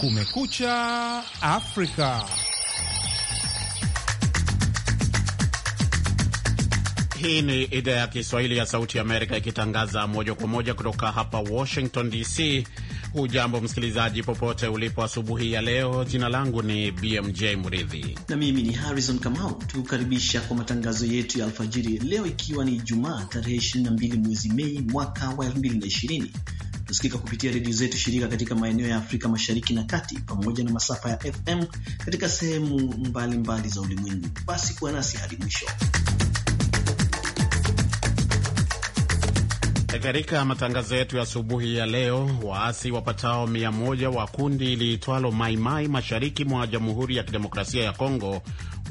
Kumekucha Afrika. Hii ni idhaa ya Kiswahili ya Sauti ya Amerika ikitangaza moja kwa moja kutoka hapa Washington DC. Hujambo msikilizaji, popote ulipo asubuhi ya leo. Jina langu ni BMJ Mridhi na mimi ni Harrison Kamau, tukukaribisha kwa matangazo yetu ya alfajiri leo, ikiwa ni Ijumaa tarehe 22 mwezi Mei mwaka wa 2020 kusikika kupitia redio zetu shirika katika maeneo ya Afrika Mashariki na Kati, pamoja na masafa ya FM katika sehemu mbalimbali za ulimwengu. Basi kuwa nasi hadi mwisho. Katika matangazo yetu ya asubuhi ya leo, waasi wapatao mia moja wa kundi liitwalo Maimai mashariki mwa Jamhuri ya Kidemokrasia ya Kongo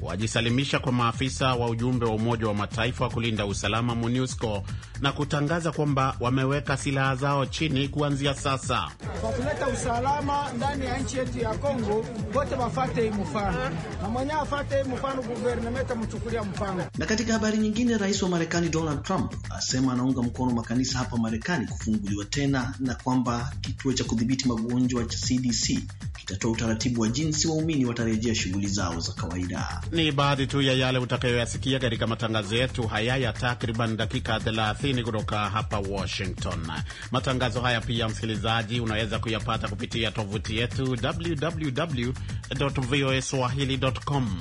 wajisalimisha kwa maafisa wa ujumbe wa Umoja wa Mataifa wa kulinda usalama MONUSCO na kutangaza kwamba wameweka silaha zao chini kuanzia sasa. Kwa kuleta usalama ndani ya nchi yetu ya Kongo, wote wafate mfano na mwenye afate mfano, guvernemeta mchukulia mfano. Na katika habari nyingine, rais wa Marekani Donald Trump asema anaunga mkono makanisa hapa Marekani kufunguliwa tena na kwamba kituo cha kudhibiti magonjwa cha CDC kitatoa utaratibu wa jinsi waumini watarejea shughuli zao za kawaida. Ni baadhi tu ya yale utakayoyasikia katika matangazo yetu haya ya takriban dakika 30 kutoka hapa Washington. Matangazo haya pia, msikilizaji, unaweza kuyapata kupitia tovuti yetu www.voaswahili.com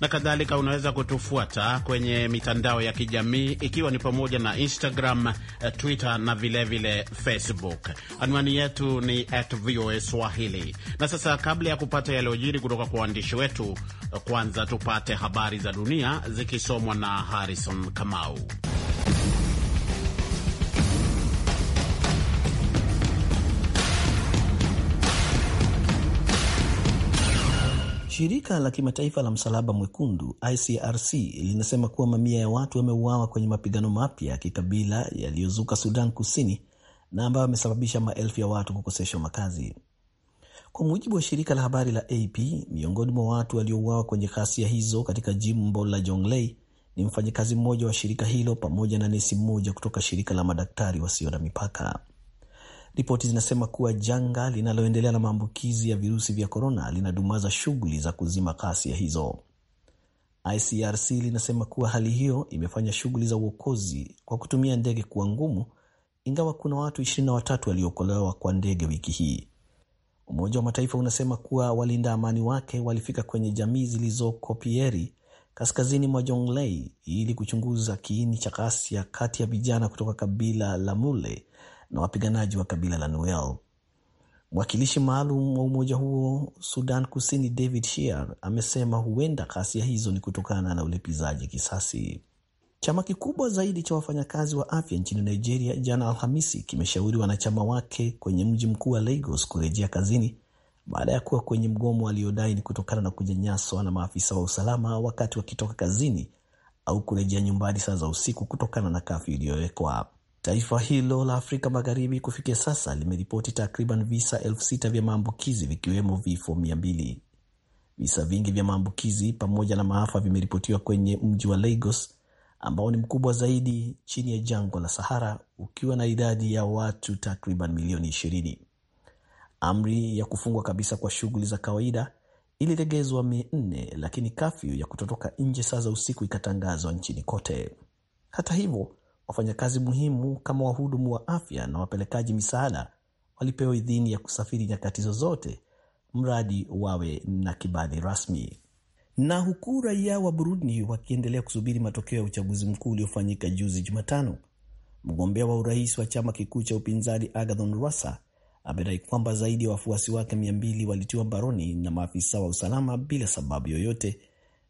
na kadhalika. Unaweza kutufuata kwenye mitandao ya kijamii ikiwa ni pamoja na Instagram, eh, Twitter na vilevile vile Facebook. Anwani yetu ni at VOA Swahili. Na sasa kabla ya kupata yaliyojiri kutoka kwa waandishi wetu, eh, kwanza tupa tupate habari za dunia zikisomwa na Harrison Kamau. Shirika la kimataifa la Msalaba Mwekundu ICRC linasema kuwa mamia ya watu wameuawa kwenye mapigano mapya ya kikabila yaliyozuka Sudan Kusini na ambayo yamesababisha maelfu ya watu kukoseshwa makazi. Kwa mujibu wa shirika la habari la AP, miongoni mwa watu waliouawa kwenye ghasia hizo katika jimbo la Jonglei ni mfanyikazi mmoja wa shirika hilo pamoja na nesi mmoja kutoka shirika la madaktari wasio na mipaka. Ripoti zinasema kuwa janga linaloendelea la maambukizi ya virusi vya korona linadumaza shughuli za kuzima ghasia hizo. ICRC linasema kuwa hali hiyo imefanya shughuli za uokozi kwa kutumia ndege kuwa ngumu, ingawa kuna watu 23 waliokolewa kwa ndege wiki hii. Umoja wa Mataifa unasema kuwa walinda amani wake walifika kwenye jamii zilizoko Pieri, kaskazini mwa Jonglei ili kuchunguza kiini cha ghasia kati ya vijana kutoka kabila la Mule na wapiganaji wa kabila la Nuer. Mwakilishi maalum wa umoja huo Sudan Kusini, David Shear, amesema huenda ghasia hizo ni kutokana na ulipizaji kisasi. Chama kikubwa zaidi cha wafanyakazi wa afya nchini Nigeria jana Alhamisi kimeshauri wanachama wake kwenye mji mkuu wa Lagos kurejea kazini baada ya kuwa kwenye mgomo aliodai ni kutokana na kunyanyaswa na maafisa wa usalama wakati wakitoka kazini au kurejea nyumbani saa za usiku kutokana na kafyu iliyowekwa. Taifa hilo la Afrika Magharibi kufikia sasa limeripoti takriban visa elfu sita vya maambukizi vikiwemo vifo mia mbili. Visa vingi vya maambukizi pamoja na maafa vimeripotiwa kwenye mji wa Lagos ambao ni mkubwa zaidi chini ya jangwa la Sahara ukiwa na idadi ya watu takriban milioni ishirini. Amri ya kufungwa kabisa kwa shughuli za kawaida ililegezwa Mei nne, lakini kafyu ya kutotoka nje saa za usiku ikatangazwa nchini kote. Hata hivyo, wafanyakazi muhimu kama wahudumu wa afya na wapelekaji misaada walipewa idhini ya kusafiri nyakati zozote mradi wawe na kibali rasmi na huku raia wa Burundi wakiendelea kusubiri matokeo ya uchaguzi mkuu uliofanyika juzi Jumatano, mgombea wa urais wa chama kikuu cha upinzani Agathon Rwasa amedai kwamba zaidi ya wa wafuasi wake mia mbili walitiwa mbaroni na maafisa wa usalama bila sababu yoyote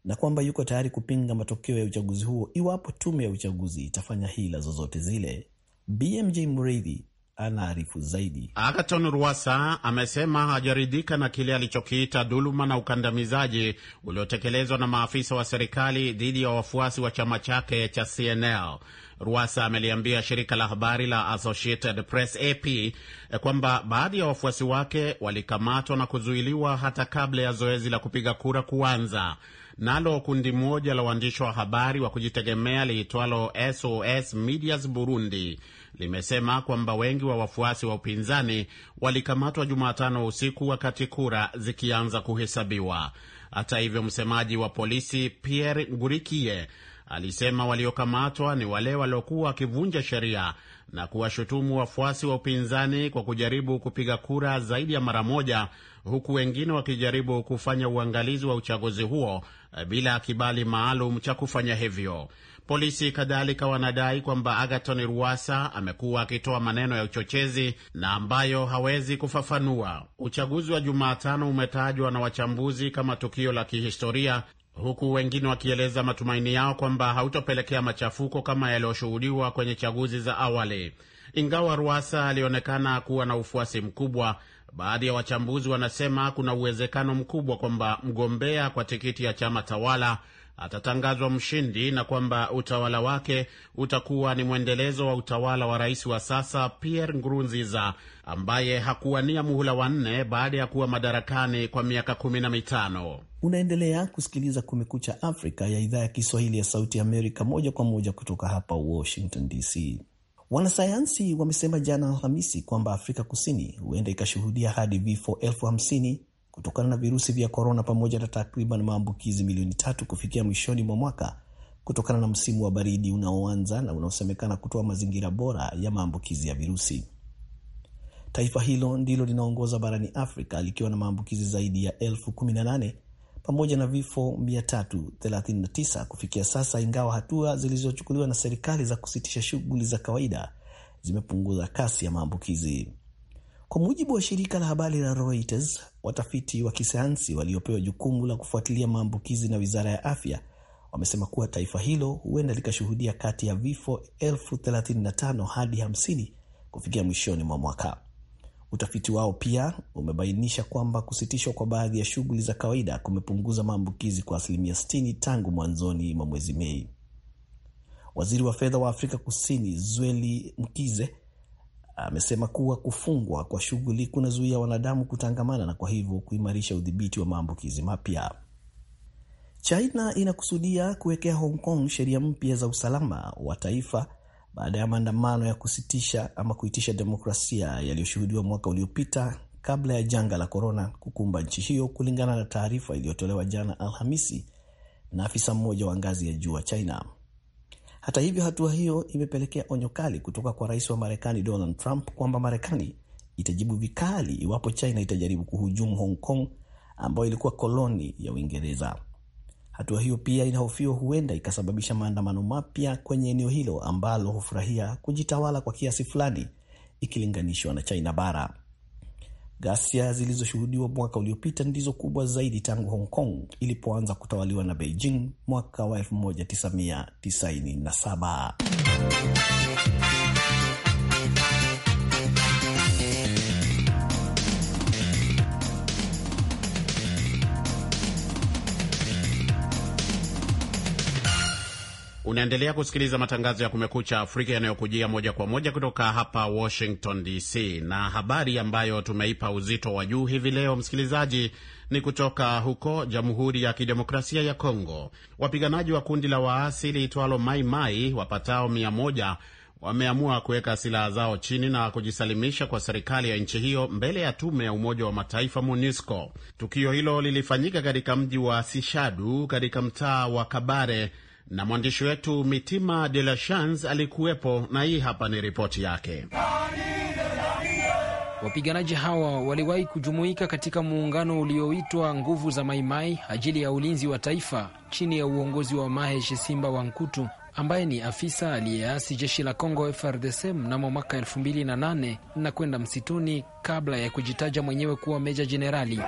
na kwamba yuko tayari kupinga matokeo ya uchaguzi huo iwapo tume ya uchaguzi itafanya hila zozote zile. BMJ Mreithi anaarifu zaidi. Agaton Rwasa amesema hajaridhika na kile alichokiita dhuluma na ukandamizaji uliotekelezwa na maafisa wa serikali dhidi ya wafuasi wa chama chake cha CNL. Rwasa ameliambia shirika la habari la Associated Press AP kwamba baadhi ya wafuasi wake walikamatwa na kuzuiliwa hata kabla ya zoezi la kupiga kura kuanza. Nalo kundi moja la waandishi wa habari wa kujitegemea liitwalo SOS Medias Burundi limesema kwamba wengi wa wafuasi wa upinzani walikamatwa Jumatano usiku wakati kura zikianza kuhesabiwa. Hata hivyo, msemaji wa polisi Pierre Ngurikie alisema waliokamatwa ni wale waliokuwa wakivunja sheria na kuwashutumu wafuasi wa upinzani kwa kujaribu kupiga kura zaidi ya mara moja, huku wengine wakijaribu kufanya uangalizi wa uchaguzi huo eh, bila kibali maalum cha kufanya hivyo. Polisi kadhalika wanadai kwamba Agaton ruasa amekuwa akitoa maneno ya uchochezi na ambayo hawezi kufafanua. Uchaguzi wa Jumatano umetajwa na wachambuzi kama tukio la kihistoria huku wengine wakieleza matumaini yao kwamba hautopelekea machafuko kama yaliyoshuhudiwa kwenye chaguzi za awali. Ingawa ruasa alionekana kuwa na ufuasi mkubwa, baadhi ya wachambuzi wanasema kuna uwezekano mkubwa kwamba mgombea kwa tikiti ya chama tawala atatangazwa mshindi na kwamba utawala wake utakuwa ni mwendelezo wa utawala wa rais wa sasa Pierre Nkurunziza ambaye hakuwania muhula wa nne baada ya kuwa madarakani kwa miaka kumi na mitano. Unaendelea kusikiliza Kumekucha Afrika ya idhaa ya Kiswahili ya Sauti Amerika, moja kwa moja kutoka hapa Washington DC. Wanasayansi wamesema jana Alhamisi kwamba Afrika Kusini huenda ikashuhudia hadi vifo elfu hamsini kutokana na virusi vya korona pamoja na takriban maambukizi milioni tatu kufikia mwishoni mwa mwaka kutokana na msimu wa baridi unaoanza na unaosemekana kutoa mazingira bora ya maambukizi ya virusi. Taifa hilo ndilo linaongoza barani Afrika likiwa na maambukizi zaidi ya elfu pamoja na vifo 339 kufikia sasa, ingawa hatua zilizochukuliwa na serikali za kusitisha shughuli za kawaida zimepunguza kasi ya maambukizi. Kwa mujibu wa shirika la habari la Reuters, watafiti wa kisayansi waliopewa jukumu la kufuatilia maambukizi na wizara ya afya wamesema kuwa taifa hilo huenda likashuhudia kati ya vifo elfu 35 hadi 50 kufikia mwishoni mwa mwaka. Utafiti wao pia umebainisha kwamba kusitishwa kwa baadhi ya shughuli za kawaida kumepunguza maambukizi kwa asilimia 60 tangu mwanzoni mwa mwezi Mei. Waziri wa fedha wa Afrika Kusini Zweli Mkize amesema kuwa kufungwa kwa shughuli kunazuia wanadamu kutangamana na kwa hivyo kuimarisha udhibiti wa maambukizi mapya. China inakusudia kuwekea Hong Kong sheria mpya za usalama wa taifa baada ya maandamano ya kusitisha ama kuitisha demokrasia yaliyoshuhudiwa mwaka uliopita kabla ya janga la korona kukumba nchi hiyo, kulingana na taarifa iliyotolewa jana Alhamisi na afisa mmoja wa ngazi ya juu wa China. Hata hivyo, hatua hiyo imepelekea onyo kali kutoka kwa rais wa Marekani Donald Trump kwamba Marekani itajibu vikali iwapo China itajaribu kuhujumu Hong Kong ambayo ilikuwa koloni ya Uingereza. Hatua hiyo pia inahofiwa huenda ikasababisha maandamano mapya kwenye eneo hilo ambalo hufurahia kujitawala kwa kiasi fulani ikilinganishwa na China bara. Ghasia zilizoshuhudiwa mwaka uliopita ndizo kubwa zaidi tangu Hong Kong ilipoanza kutawaliwa na Beijing mwaka wa 1997. Unaendelea kusikiliza matangazo ya Kumekucha Afrika yanayokujia moja kwa moja kutoka hapa Washington DC, na habari ambayo tumeipa uzito wa juu hivi leo, msikilizaji, ni kutoka huko Jamhuri ya Kidemokrasia ya Kongo. Wapiganaji wa kundi la waasi liitwalo Mai Mai wapatao mia moja wameamua kuweka silaha zao chini na kujisalimisha kwa serikali ya nchi hiyo mbele ya tume ya Umoja wa Mataifa MONUSCO. Tukio hilo lilifanyika katika mji wa Sishadu katika mtaa wa Kabare na mwandishi wetu Mitima De La Chance alikuwepo, na hii hapa ni ripoti yake. Wapiganaji hawa waliwahi kujumuika katika muungano ulioitwa Nguvu za Maimai ajili ya ulinzi wa taifa chini ya uongozi wa Maheshi Simba wa Nkutu ambaye ni afisa aliyeasi jeshi la Congo FRDC mnamo mwaka 28 na kwenda msituni kabla ya kujitaja mwenyewe kuwa meja jenerali.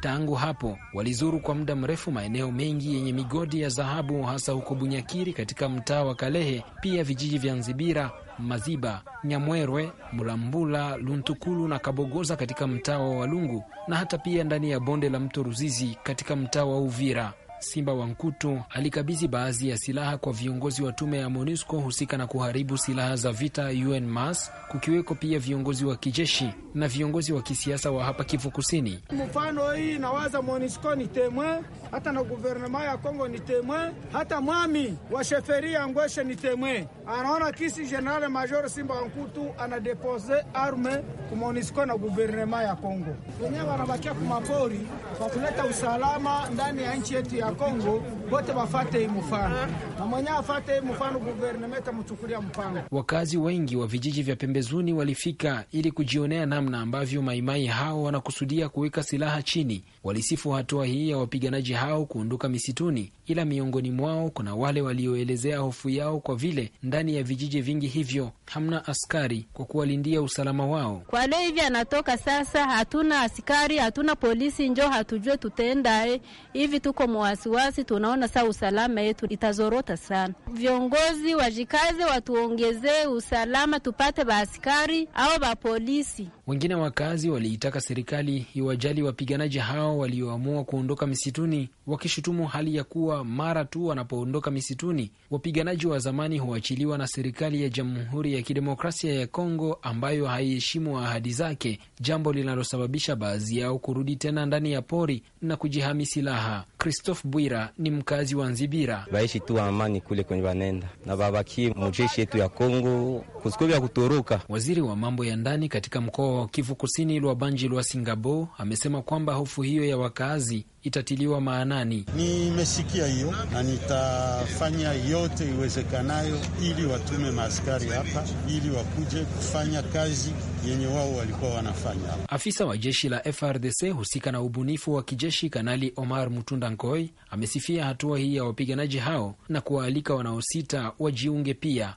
Tangu hapo walizuru kwa muda mrefu maeneo mengi yenye migodi ya dhahabu, hasa huko Bunyakiri katika mtaa wa Kalehe, pia vijiji vya Nzibira, Maziba, Nyamwerwe, Mulambula, Luntukulu na Kabogoza katika mtaa wa Walungu, na hata pia ndani ya bonde la mto Ruzizi katika mtaa wa Uvira. Simba wa Nkutu alikabidhi baadhi ya silaha kwa viongozi wa tume ya MONUSCO husika na kuharibu silaha za vita UNMAS, kukiweko pia viongozi wa kijeshi na viongozi wa kisiasa wa hapa Kivu Kusini. Mfano hii nawaza MONUSCO ni temwe, hata na guvernema ya Kongo ni temwe, hata mwami wa ya Ngweshe ni temwe, anaona kisi General Major Simba wa Nkutu anadepose arme ku MONUSCO na guvernema ya Kongo, wenyewe wanabakia kumapori kwa kuleta usalama ndani ya nchi yetu ya ya Kongo wote wafate mfano na mwenyewe afate mfano, guverneme tamchukulia mpango. Wakazi wengi wa vijiji vya pembezuni walifika ili kujionea namna ambavyo maimai hao wanakusudia kuweka silaha chini. Walisifu hatua hii ya wapiganaji hao kuondoka misituni, ila miongoni mwao kuna wale walioelezea hofu yao kwa vile ndani ya vijiji vingi hivyo hamna askari kwa kuwalindia usalama wao. Kwa leo hivi anatoka sasa, hatuna askari, hatuna polisi, njo hatujue tutaenda hivi, tuko mwasi wasiwasi, tunaona saa usalama yetu itazorota sana. Viongozi wajikaze, watuongezee usalama, tupate baaskari au bapolisi. Wengine wakazi waliitaka serikali iwajali wapiganaji hao walioamua kuondoka misituni, wakishutumu hali ya kuwa mara tu wanapoondoka misituni wapiganaji wa zamani huachiliwa na serikali ya Jamhuri ya Kidemokrasia ya Kongo ambayo haiheshimu ahadi zake, jambo linalosababisha baadhi yao kurudi tena ndani ya pori na kujihami silaha. Christophe Bwira ni mkazi wa Nzibira. Baishi tu amani kule kwenye wanenda na babaki mujeshi yetu ya Kongo kusiko vya kutoroka. Waziri wa mambo ya ndani katika mkoa wa Kivu Kusini, lwa banji Lwa Singabo, amesema kwamba hofu hiyo ya wakazi itatiliwa maanani. Nimesikia hiyo na nitafanya yote iwezekanayo ili watume maaskari hapa ili wakuje kufanya kazi yenye wao walikuwa wanafanya. Afisa wa jeshi la FRDC husika na ubunifu wa kijeshi Kanali Omar Mutunda Nkoi amesifia hatua hii ya wapiganaji hao na kuwaalika wanaosita wajiunge pia.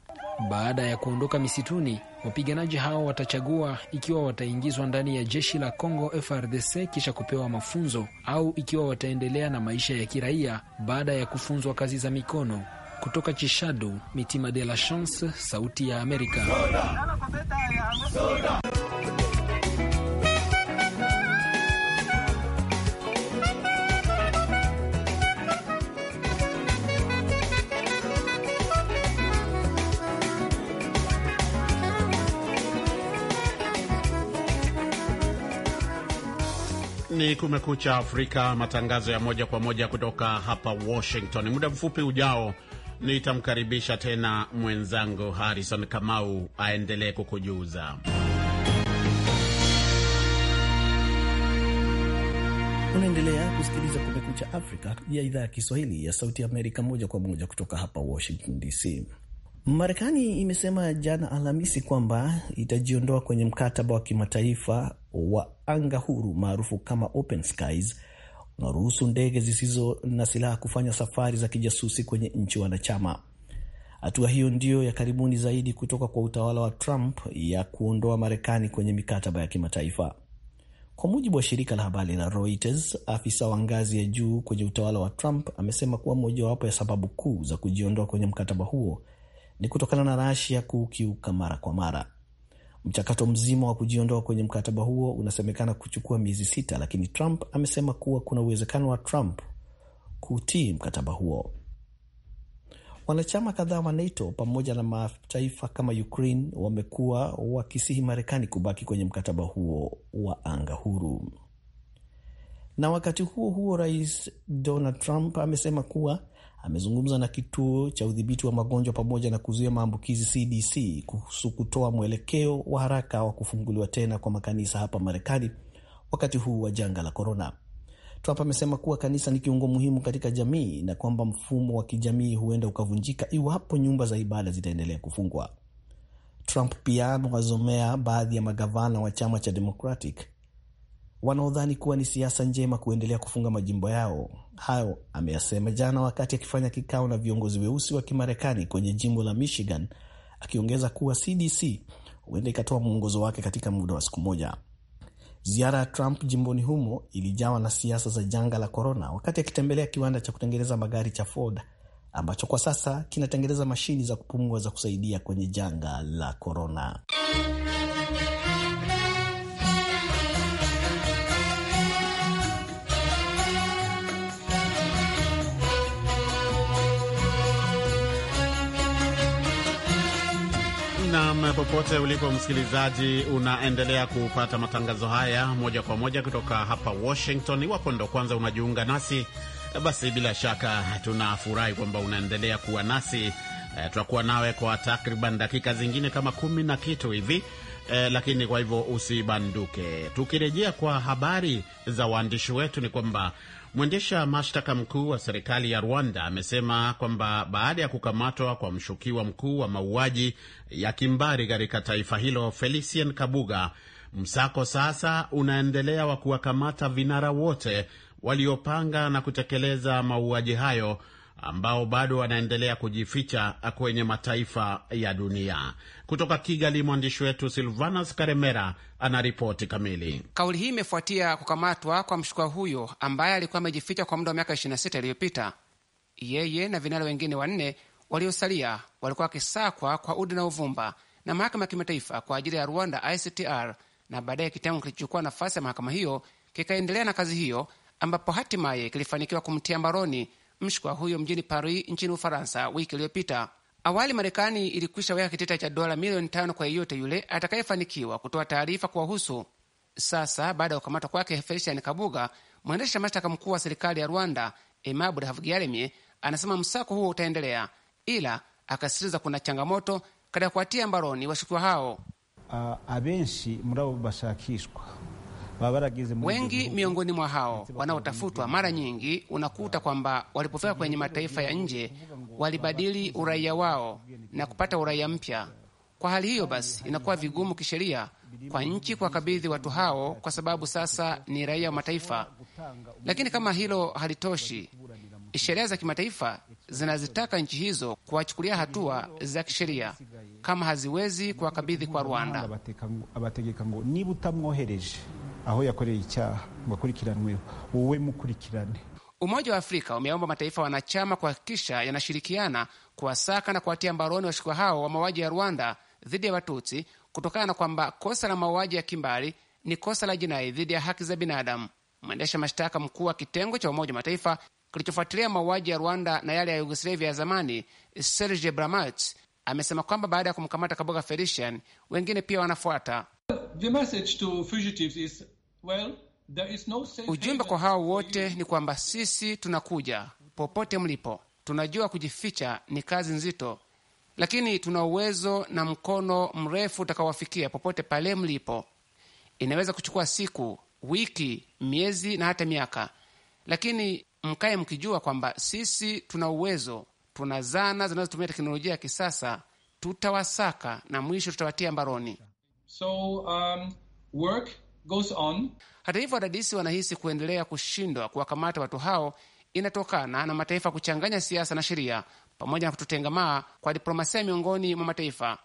Baada ya kuondoka misituni, wapiganaji hao watachagua ikiwa wataingizwa ndani ya jeshi la Congo frdc kisha kupewa mafunzo au ikiwa wataendelea na maisha ya kiraia baada ya kufunzwa kazi za mikono. Kutoka Chishadu, Mitima de la Chance, Sauti ya Amerika. Soda. Soda. ni Kumekucha Afrika, matangazo ya moja kwa moja kutoka hapa Washington. Muda mfupi ujao nitamkaribisha tena mwenzangu Harrison Kamau aendelee kukujuza. Unaendelea kusikiliza Kumekucha Afrika ya idhaa ya Kiswahili ya Sauti Amerika, moja kwa moja kutoka hapa Washington DC. Marekani imesema jana Alhamisi kwamba itajiondoa kwenye mkataba wa kimataifa wa anga huru maarufu kama Open Skies unaruhusu ndege zisizo na silaha kufanya safari za kijasusi kwenye nchi wanachama. Hatua hiyo ndiyo ya karibuni zaidi kutoka kwa utawala wa Trump ya kuondoa Marekani kwenye mikataba ya kimataifa. Kwa mujibu wa shirika la habari la Reuters, afisa wa ngazi ya juu kwenye utawala wa Trump amesema kuwa mojawapo ya sababu kuu za kujiondoa kwenye mkataba huo ni kutokana na Russia kukiuka mara kwa mara. Mchakato mzima wa kujiondoa kwenye mkataba huo unasemekana kuchukua miezi sita, lakini Trump amesema kuwa kuna uwezekano wa Trump kutii mkataba huo. Wanachama kadhaa wa NATO pamoja na mataifa kama Ukraine wamekuwa wakisihi Marekani kubaki kwenye mkataba huo wa anga huru. Na wakati huo huo, Rais Donald Trump amesema kuwa amezungumza na kituo cha udhibiti wa magonjwa pamoja na kuzuia maambukizi CDC kuhusu kutoa mwelekeo wa haraka wa kufunguliwa tena kwa makanisa hapa Marekani wakati huu wa janga la korona. Trump amesema kuwa kanisa ni kiungo muhimu katika jamii na kwamba mfumo wa kijamii huenda ukavunjika iwapo nyumba za ibada zitaendelea kufungwa. Trump pia amewazomea baadhi ya magavana wa chama cha Democratic wanaodhani kuwa ni siasa njema kuendelea kufunga majimbo yao. Hayo ameyasema jana wakati akifanya kikao na viongozi weusi wa Kimarekani kwenye jimbo la Michigan, akiongeza kuwa CDC huenda ikatoa mwongozo wake katika muda wa siku moja. Ziara ya Trump jimboni humo ilijawa na siasa za janga la korona, wakati akitembelea kiwanda cha kutengeneza magari cha Ford ambacho kwa sasa kinatengeneza mashini za kupumua za kusaidia kwenye janga la korona. nam popote ulipo msikilizaji, unaendelea kupata matangazo haya moja kwa moja kutoka hapa Washington. Iwapo ndo kwanza unajiunga nasi, basi bila shaka tunafurahi kwamba unaendelea kuwa nasi. E, tutakuwa nawe kwa takriban dakika zingine kama kumi na kitu hivi eh, lakini kwa hivyo usibanduke. Tukirejea kwa habari za waandishi wetu ni kwamba mwendesha mashtaka mkuu wa serikali ya Rwanda amesema kwamba baada ya kukamatwa kwa mshukiwa mkuu wa mauaji ya kimbari katika taifa hilo Felicien Kabuga, msako sasa unaendelea wa kuwakamata vinara wote waliopanga na kutekeleza mauaji hayo ambao bado wanaendelea kujificha kwenye mataifa ya dunia. Kutoka Kigali, mwandishi wetu Silvanas Karemera anaripoti kamili. Kauli hii imefuatia kukamatwa kwa mshukiwa huyo ambaye alikuwa amejificha kwa muda wa miaka 26 iliyopita. Yeye na vinara wengine wanne waliosalia walikuwa wakisakwa kwa udi na uvumba na mahakama ya kimataifa kwa ajili ya Rwanda, ICTR, na baadaye kitengo kilichochukua nafasi ya mahakama hiyo kikaendelea na kazi hiyo, ambapo hatimaye kilifanikiwa kumtia mbaroni mshkwa huyo mjini Paris nchini Ufaransa wiki iliyopita. Awali Marekani ilikwisha weka kitita cha dola milioni tano kwa yeyote yule atakayefanikiwa kutoa taarifa kuwahusu. Sasa baada ya kukamatwa kwake Felician Kabuga, mwendesha mashtaka mkuu wa serikali ya Rwanda Aimable Havugiyaremye anasema msako huo utaendelea, ila akasitiza kuna changamoto katika kuwatia mbaroni washukiwa hao. Uh, abenshi murabo bashakishwa Wengi miongoni mwa hao wanaotafutwa mara nyingi unakuta kwamba walipofika kwenye mataifa ya nje walibadili uraia wao na kupata uraia mpya. Kwa hali hiyo basi, inakuwa vigumu kisheria kwa nchi kuwakabidhi watu hao, kwa sababu sasa ni raia wa mataifa. Lakini kama hilo halitoshi, sheria za kimataifa zinazitaka nchi hizo kuwachukulia hatua za kisheria kama haziwezi kuwakabidhi kwa Rwanda aho yakoreye icyaha ngo wowe mukurikirane. Umoja wa Afrika umeomba mataifa wanachama kuhakikisha yanashirikiana kuwasaka na kuwatia mbaroni washukiwa hao wa mauaji ya Rwanda dhidi ya Watutsi kutokana na kwamba kosa la mauaji ya kimbari ni kosa la jinai dhidi ya haki za binadamu. Mwendesha mashtaka mkuu wa kitengo cha Umoja wa Mataifa kilichofuatilia mauaji ya Rwanda na yale ya Yugoslavia ya zamani, Serge bramat amesema kwamba baada ya kumkamata Kaboga Felician, wengine pia wanafuata. The message to fugitives is well, ujumbe kwa hao wote ni kwamba sisi tunakuja popote mlipo. Tunajua kujificha ni kazi nzito, lakini tuna uwezo na mkono mrefu utakaowafikia popote pale mlipo. Inaweza kuchukua siku, wiki, miezi na hata miaka, lakini mkaye mkijua kwamba sisi tuna uwezo, tuna zana zinazotumia teknolojia ya kisasa. Tutawasaka na mwisho tutawatia mbaroni. So, um, work goes on. Hata hivyo, wadadisi wanahisi kuendelea kushindwa kuwakamata watu hao inatokana na mataifa kuchanganya siasa na sheria pamoja na kutotengamaa kwa diplomasia miongoni mwa mataifa.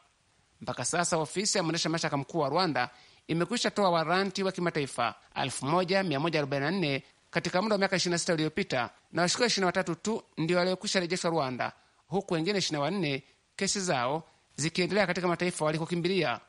Mpaka sasa ofisi ya mwendesha mashtaka mkuu wa Rwanda imekwisha toa waranti wa kimataifa 1144 katika muda wa miaka 26 uliyopita, na washukiwa 23 tu ndio waliokwisha rejeshwa Rwanda, huku wengine 24 kesi zao zikiendelea katika mataifa walikokimbilia.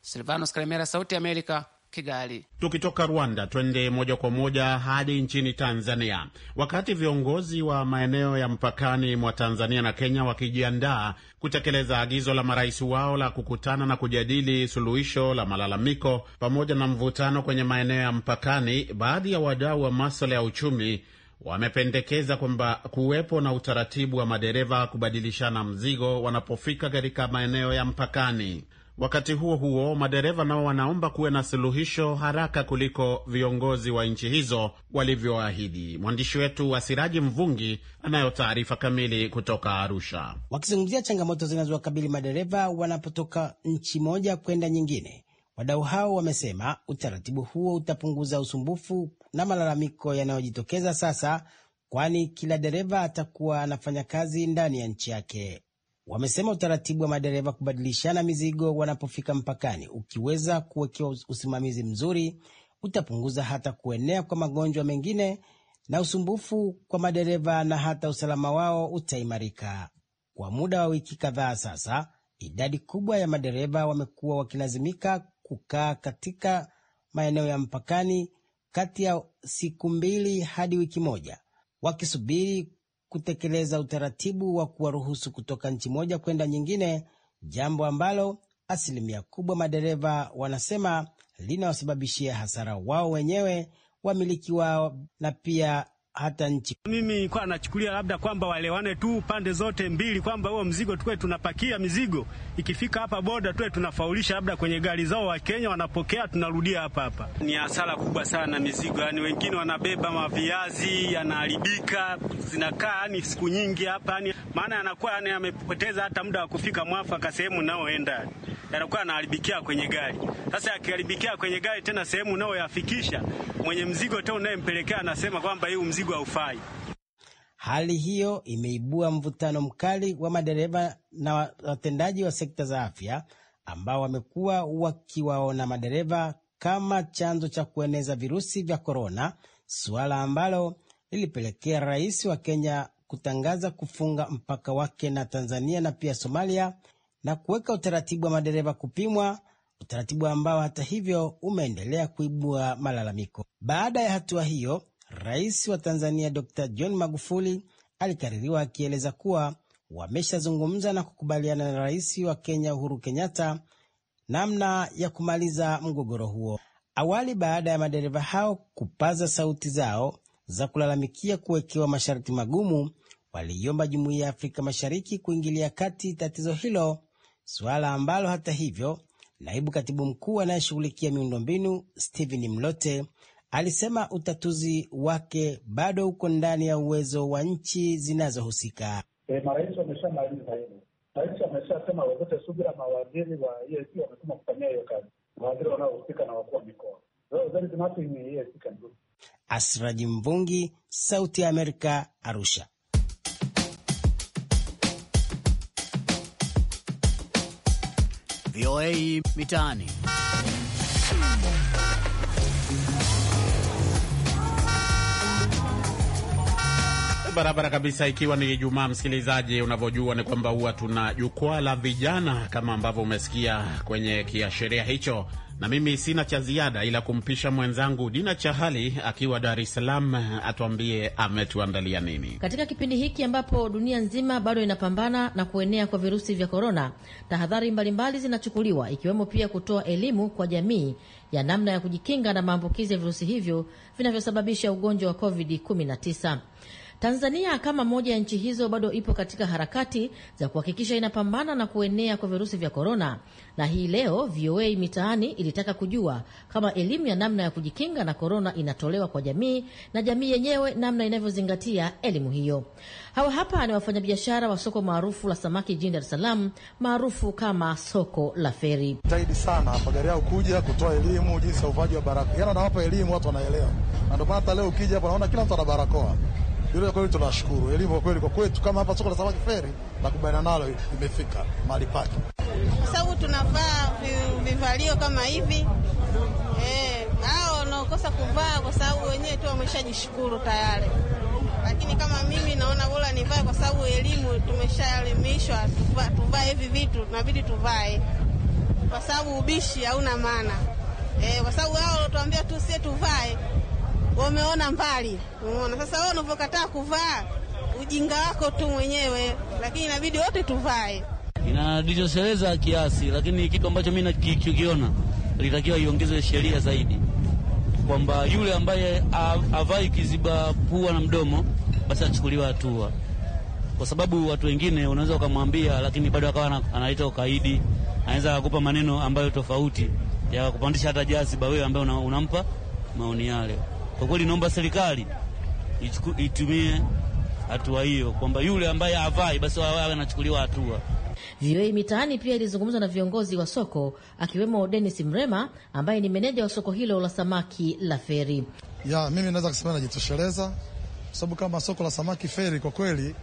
Silvanos Kalemera, Sauti ya Amerika, Kigali. Tukitoka Rwanda twende moja kwa moja hadi nchini Tanzania. Wakati viongozi wa maeneo ya mpakani mwa Tanzania na Kenya wakijiandaa kutekeleza agizo la marais wao la kukutana na kujadili suluhisho la malalamiko pamoja na mvutano kwenye maeneo ya mpakani, baadhi ya wadau wa maswala ya uchumi wamependekeza kwamba kuwepo na utaratibu wa madereva kubadilishana mzigo wanapofika katika maeneo ya mpakani. Wakati huo huo, madereva nao wanaomba kuwe na suluhisho haraka kuliko viongozi wa nchi hizo walivyoahidi. Mwandishi wetu wa Siraji Mvungi anayo taarifa kamili kutoka Arusha. Wakizungumzia changamoto zinazowakabili madereva wanapotoka nchi moja kwenda nyingine, wadau hao wamesema utaratibu huo utapunguza usumbufu na malalamiko yanayojitokeza sasa, kwani kila dereva atakuwa anafanya kazi ndani ya nchi yake wamesema utaratibu wa madereva kubadilishana mizigo wanapofika mpakani ukiweza kuwekewa usimamizi mzuri utapunguza hata kuenea kwa magonjwa mengine na usumbufu kwa madereva na hata usalama wao utaimarika. Kwa muda wa wiki kadhaa sasa, idadi kubwa ya madereva wamekuwa wakilazimika kukaa katika maeneo ya mpakani kati ya siku mbili hadi wiki moja wakisubiri kutekeleza utaratibu wa kuwaruhusu kutoka nchi moja kwenda nyingine, jambo ambalo asilimia kubwa madereva wanasema linawasababishia hasara wao wenyewe, wamiliki wao na pia hata nchi. Mimi kwa nachukulia labda kwamba waelewane tu pande zote mbili, kwamba huo mzigo tuwe tunapakia mizigo ikifika hapa boda tuwe tunafaulisha labda kwenye gari zao, wa Kenya wanapokea, tunarudia hapa hapa. Ni hasara kubwa sana mizigo, yani wengine wanabeba maviazi yanaharibika, zinakaa yani siku nyingi hapa, yani maana yanakuwa yani amepoteza hata muda wa kufika mwafaka sehemu naoenda yanakuwa yanaharibikia kwenye gari. Sasa yakiharibikia kwenye gari tena, sehemu unayoyafikisha mwenye mzigo tena unayempelekea anasema kwamba hii mzigo haufai. Hali hiyo imeibua mvutano mkali wa madereva na watendaji wa sekta za afya ambao wamekuwa wakiwaona madereva kama chanzo cha kueneza virusi vya korona, suala ambalo lilipelekea rais wa Kenya kutangaza kufunga mpaka wake na Tanzania na pia Somalia na kuweka utaratibu wa madereva kupimwa, utaratibu ambao hata hivyo umeendelea kuibua malalamiko. Baada ya hatua hiyo, Rais wa Tanzania Dr. John Magufuli alikaririwa akieleza kuwa wameshazungumza na kukubaliana na Rais wa Kenya Uhuru Kenyatta namna ya kumaliza mgogoro huo. Awali, baada ya madereva hao kupaza sauti zao za kulalamikia kuwekewa masharti magumu, waliiomba Jumuiya ya Afrika Mashariki kuingilia kati tatizo hilo suala ambalo hata hivyo naibu katibu mkuu anayeshughulikia miundombinu Steven Mlote alisema utatuzi wake bado uko ndani ya uwezo wa nchi zinazohusika. E, marais wameshamaliza hilo. marais wameshasema wezeshe subira, mawaziri wa EAC wametuma kufanyia hiyo kazi, mawaziri wanaohusika na wakuu wa mikoa. E Asraji Mvungi, Sauti ya Amerika, Arusha. VOA Mitaani. Barabara kabisa, ikiwa ni Ijumaa, msikilizaji, unavyojua ni kwamba huwa tuna jukwaa la vijana kama ambavyo umesikia kwenye kiashiria hicho na mimi sina cha ziada ila kumpisha mwenzangu Dina Chahali akiwa Dar es Salaam atuambie ametuandalia nini katika kipindi hiki ambapo dunia nzima bado inapambana na kuenea kwa virusi vya korona. Tahadhari mbalimbali zinachukuliwa ikiwemo pia kutoa elimu kwa jamii ya namna ya kujikinga na maambukizi ya virusi hivyo vinavyosababisha ugonjwa wa COVID-19. Tanzania kama moja ya nchi hizo bado ipo katika harakati za kuhakikisha inapambana na kuenea kwa virusi vya korona, na hii leo VOA Mitaani ilitaka kujua kama elimu ya namna ya kujikinga na korona inatolewa kwa jamii na jamii yenyewe namna inavyozingatia elimu hiyo. Hawa hapa ni wafanyabiashara wa soko maarufu la samaki jijini Dar es Salaam, maarufu kama soko la Feri. Tahidi sana magari yao kuja kutoa elimu jinsi ya uvaji wa barakoa, yaani wanawapa elimu, watu wanaelewa, na ndio maana hata leo ukija hapa unaona kila mtu ana barakoa. Yule kweli tunashukuru elimu kwa kweli, kwa kwetu kama hapa soko la samaki feri na kubaina nalo imefika mahali pake, kwa sababu tunavaa vivalio kama hivi eh, hao wanaokosa kuvaa kwa sababu wenyewe tu wameshajishukuru tayari, lakini kama mimi naona bora nivae kwa sababu elimu tumeshaelimishwa, tuvae hivi vitu nabidi tuvae kwa sababu ubishi hauna maana eh, kwa sababu hao walotuambia tu sie tuvae wameona mbali, umeona. Sasa wewe unavyokataa kuvaa, ujinga wako tu mwenyewe, lakini inabidi wote tuvae. Inaditosheleza kiasi, lakini kitu ambacho mi nakikiona litakiwa iongezwe sheria zaidi, kwamba yule ambaye avai kiziba pua na mdomo basi achukuliwa hatua, kwa sababu watu wengine unaweza ukamwambia, lakini bado akawa analeta ukaidi, anaweza akakupa maneno ambayo tofauti ya kupandisha hata jaziba wewe ambaye unampa maoni yale. Kwa kweli naomba serikali itumie hatua hiyo, kwamba yule ambaye avai basi awe anachukuliwa hatua. VOA Mitaani pia ilizungumzwa na viongozi wa soko akiwemo Dennis Mrema ambaye ni meneja wa soko hilo la samaki la Feri. Ya mimi naweza kusema najitosheleza, kwa sababu kama soko la samaki Feri, kwa kweli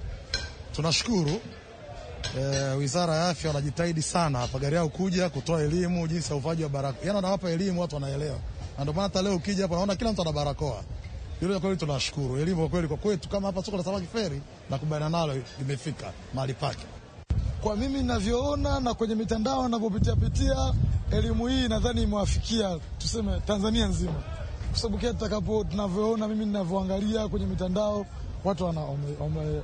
tunashukuru e, wizara ya afya wanajitahidi sana hapa gari yao kuja kutoa elimu jinsi ya uvaji wa barakoa, yaani wanawapa elimu, watu wanaelewa na ndio maana hata leo ukija hapa naona kila mtu ana barakoa. Hilo kweli tunashukuru elimu kwa kweli kwa kwetu, kama hapa soko la samaki feri na kubaina nalo limefika mahali pake. Kwa mimi ninavyoona na kwenye mitandao ninavyopitia pitia, elimu hii nadhani imewafikia tuseme Tanzania nzima, kwa sababu kile tutakapo, tunavyoona mimi ninavyoangalia kwenye mitandao, watu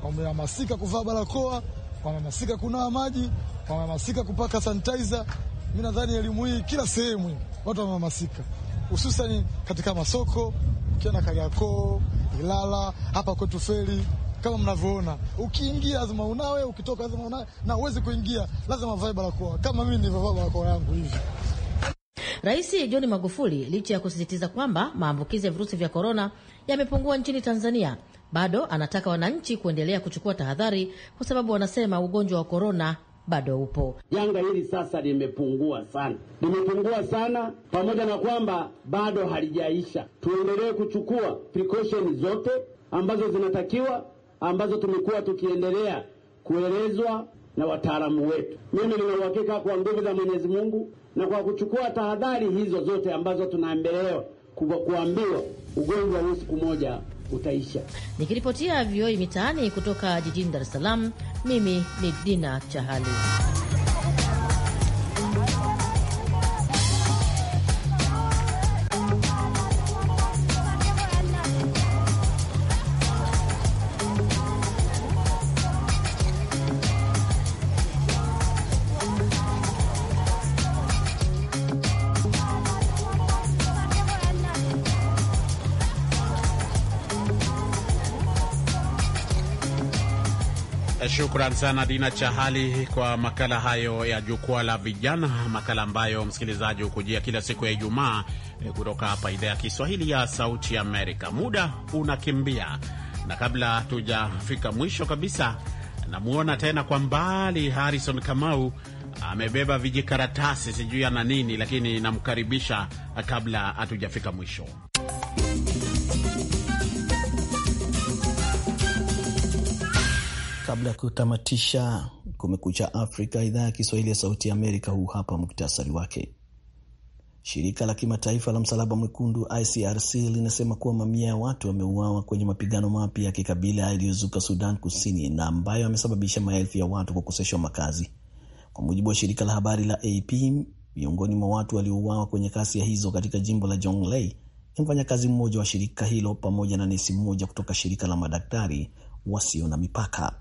wamehamasika kuvaa barakoa, wamehamasika kunawa maji, wamehamasika kupaka sanitizer. Mimi nadhani elimu hii kila sehemu watu wamehamasika hususani katika masoko, ukienda Kariakoo, Ilala, hapa kwetu Feri kama mnavyoona, ukiingia lazima unawe, ukitoka lazima unawe, na uwezi kuingia lazima vae barakoa, kama mimi nilivyovaa barakoa yangu hivi. Rais John Magufuli, licha ya kusisitiza kwamba maambukizi ya virusi vya korona yamepungua nchini Tanzania, bado anataka wananchi kuendelea kuchukua tahadhari, kwa sababu wanasema ugonjwa wa korona bado upo. Janga hili sasa limepungua sana, limepungua sana, pamoja na kwamba bado halijaisha. Tuendelee kuchukua precaution zote ambazo zinatakiwa, ambazo tumekuwa tukiendelea kuelezwa na wataalamu wetu. Mimi nina uhakika kwa nguvu za Mwenyezi Mungu na kwa kuchukua tahadhari hizo zote ambazo tunaambelewa kuambiwa, ugonjwa huu siku moja utaisha. Nikiripotia vioi mitaani kutoka jijini Dar es Salaam, mimi ni Dina Chahali. Shukran sana Dina Chahali kwa makala hayo ya jukwaa la vijana, makala ambayo msikilizaji hukujia kila siku ya Ijumaa eh, kutoka hapa idhaa ya Kiswahili ya Sauti Amerika. Muda unakimbia, na kabla tujafika mwisho kabisa, namwona tena kwa mbali Harrison Kamau amebeba vijikaratasi, sijui ana nini, lakini namkaribisha kabla hatujafika mwisho. Kabla ya kutamatisha Kumekucha Afrika, idhaa ya Kiswahili ya Sauti ya Amerika, huu hapa muktasari wake. Shirika la kimataifa la Msalaba Mwekundu ICRC linasema kuwa mamia ya watu wameuawa kwenye mapigano mapya ya kikabila yaliyozuka Sudan Kusini na ambayo yamesababisha maelfu ya watu kukoseshwa makazi, kwa mujibu wa shirika la habari la AP. Miongoni mwa watu waliouawa kwenye kasia hizo katika jimbo la Jonglei ni mfanyakazi mmoja wa shirika hilo pamoja na nesi mmoja kutoka shirika la madaktari wasio na mipaka.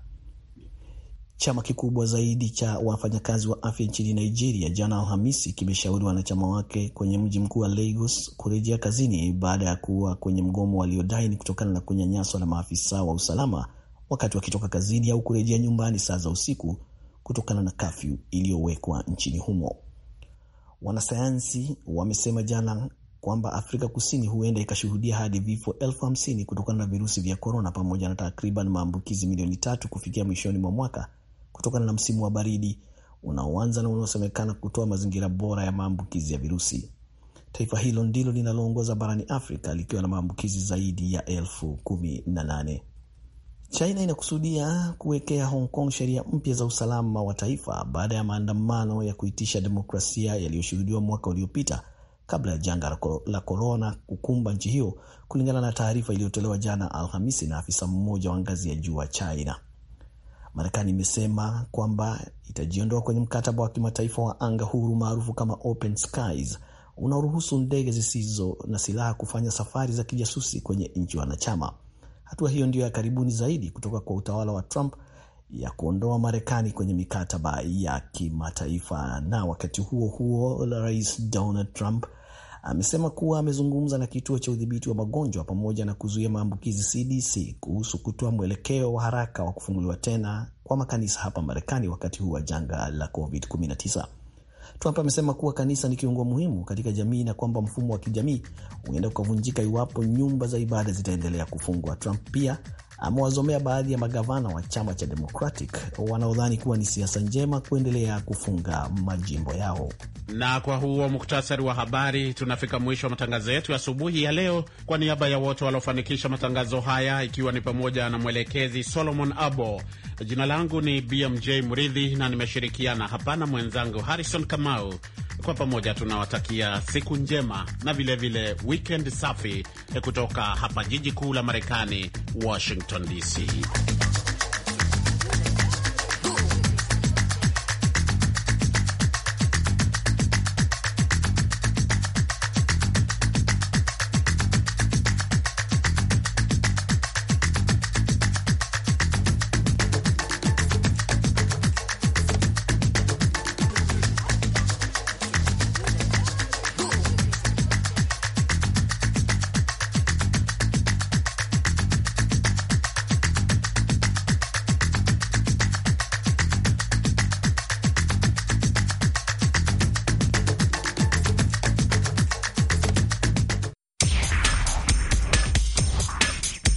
Chama kikubwa zaidi cha wafanyakazi wa afya nchini Nigeria jana Alhamisi kimeshauri wanachama wake kwenye mji mkuu wa Lagos kurejea kazini baada ya kuwa kwenye mgomo waliodai ni kutokana na kunyanyaswa na maafisa wa usalama wakati wakitoka kazini au kurejea nyumbani saa za usiku kutokana na kafyu iliyowekwa nchini humo. Wanasayansi wamesema jana kwamba Afrika Kusini huenda ikashuhudia hadi vifo elfu hamsini kutokana na virusi vya korona pamoja na takriban maambukizi milioni tatu kufikia mwishoni mwa mwaka kutokana na msimu wa baridi unaoanza na unaosemekana kutoa mazingira bora ya maambukizi ya virusi. Taifa hilo ndilo linaloongoza barani Afrika likiwa na maambukizi zaidi ya elfu kumi na nane. China inakusudia kuwekea Hong Kong sheria mpya za usalama wa taifa baada ya maandamano ya kuitisha demokrasia yaliyoshuhudiwa mwaka uliopita kabla ya janga la korona kukumba nchi hiyo, kulingana na taarifa iliyotolewa jana Alhamisi na afisa mmoja wa ngazi ya juu wa China. Marekani imesema kwamba itajiondoa kwenye mkataba wa kimataifa wa anga huru maarufu kama Open Skies unaoruhusu ndege zisizo na silaha kufanya safari za kijasusi kwenye nchi wanachama. Hatua hiyo ndiyo ya karibuni zaidi kutoka kwa utawala wa Trump ya kuondoa Marekani kwenye mikataba ya kimataifa. Na wakati huo huo, Rais Donald Trump amesema kuwa amezungumza na kituo cha udhibiti wa magonjwa pamoja na kuzuia maambukizi CDC kuhusu kutoa mwelekeo wa haraka wa kufunguliwa tena kwa makanisa hapa Marekani wakati huu wa janga la COVID-19. Trump amesema kuwa kanisa ni kiungo muhimu katika jamii na kwamba mfumo wa kijamii huenda ukavunjika iwapo nyumba za ibada zitaendelea kufungwa. Trump pia amewazomea baadhi ya magavana wa chama cha Democratic wanaodhani kuwa ni siasa njema kuendelea kufunga majimbo yao. Na kwa huo muktasari wa habari, tunafika mwisho wa matangazo yetu asubuhi ya, ya leo. Kwa niaba ya wote waliofanikisha matangazo haya, ikiwa ni pamoja na mwelekezi Solomon Abo, jina langu ni BMJ Mridhi na nimeshirikiana hapa na mwenzangu Harrison Kamau. Kwa pamoja tunawatakia siku njema na vilevile vile weekend safi kutoka hapa jiji kuu la Marekani, Washington DC.